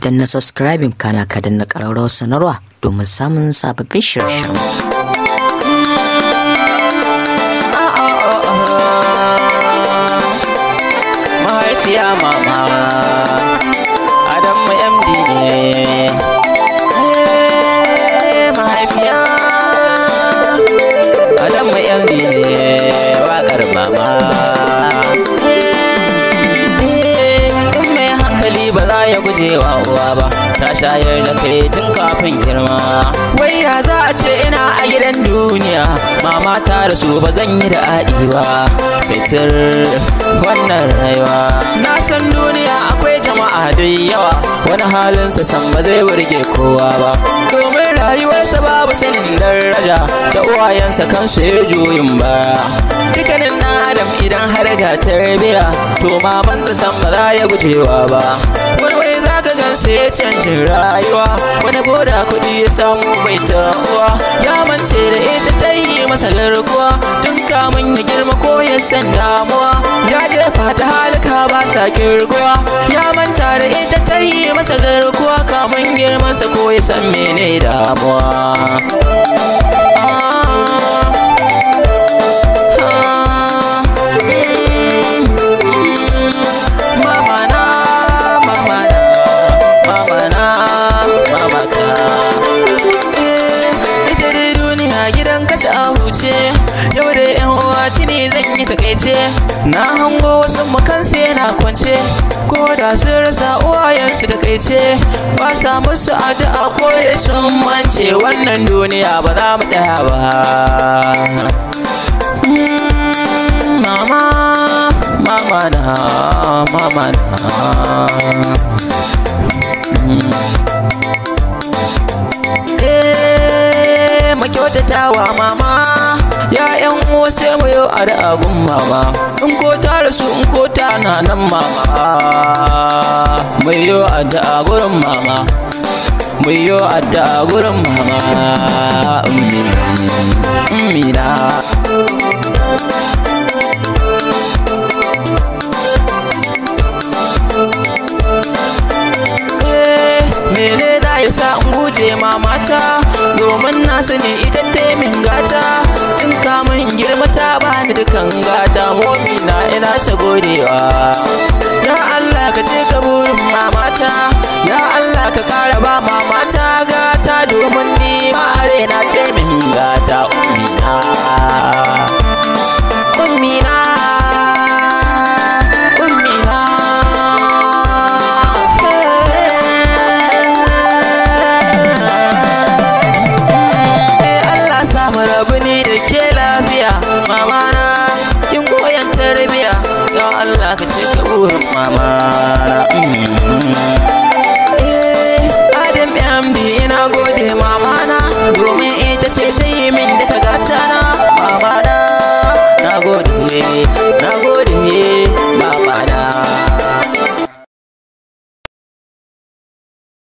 don na subscribing kana ka na ƙararrawar sanarwa domin samun sababbin shirye-shirye ya guje wa uwa ba ta shayar da kai tun kafin girma wai ya za a ce ina a gidan duniya mama ta rasu ba zan yi da aɗi ba fitir wannan rayuwa na san duniya akwai jama'a da yawa wani halinsa san ba zai burge kowa ba domin rayuwarsa babu sanin daraja da uwayensa kansu ya juyin ba dukanin na adam idan har ga tarbiya to mamansa san ba za ya gujewa ba sai ya canjin rayuwa wani goda kuɗi ya samu bai tawa ya mance da ita ta yi masa larguwa tun kamun ya girma ko ya san damuwa ya jefa ta halika ba sa kirguwa ya manta da ita ta yi masa garkuwa kamun girmansa ko ya san mene damuwa yi takaice na hango wasu makansu yana kwance ko da sun rasa uwayensu takaice ba sa musu addu'a ko ya sun mance wannan duniya ba za mu ɗaya ba hmm, mama mama na mama na hmm. Eh, mama ya yan uwa sai mu yau a abun mama in ko ta rasu in ko ta na nan mama mu yau a da gurin mama mu yau a da gurin mama ummina yasa in guje ma mata domin na sani ita ta yi min gata tun kamun girma ta bani dukan gata momi na ina ta godewa ya Allah ka ce ka burin mamata ya Allah ka kara ba ma mu da ke lafiya mama na kin koyan tarbiya ya Allah ka ce ka burin mama na mm. eh Adam Amdi ina gode mama na domin ita ce ta yi min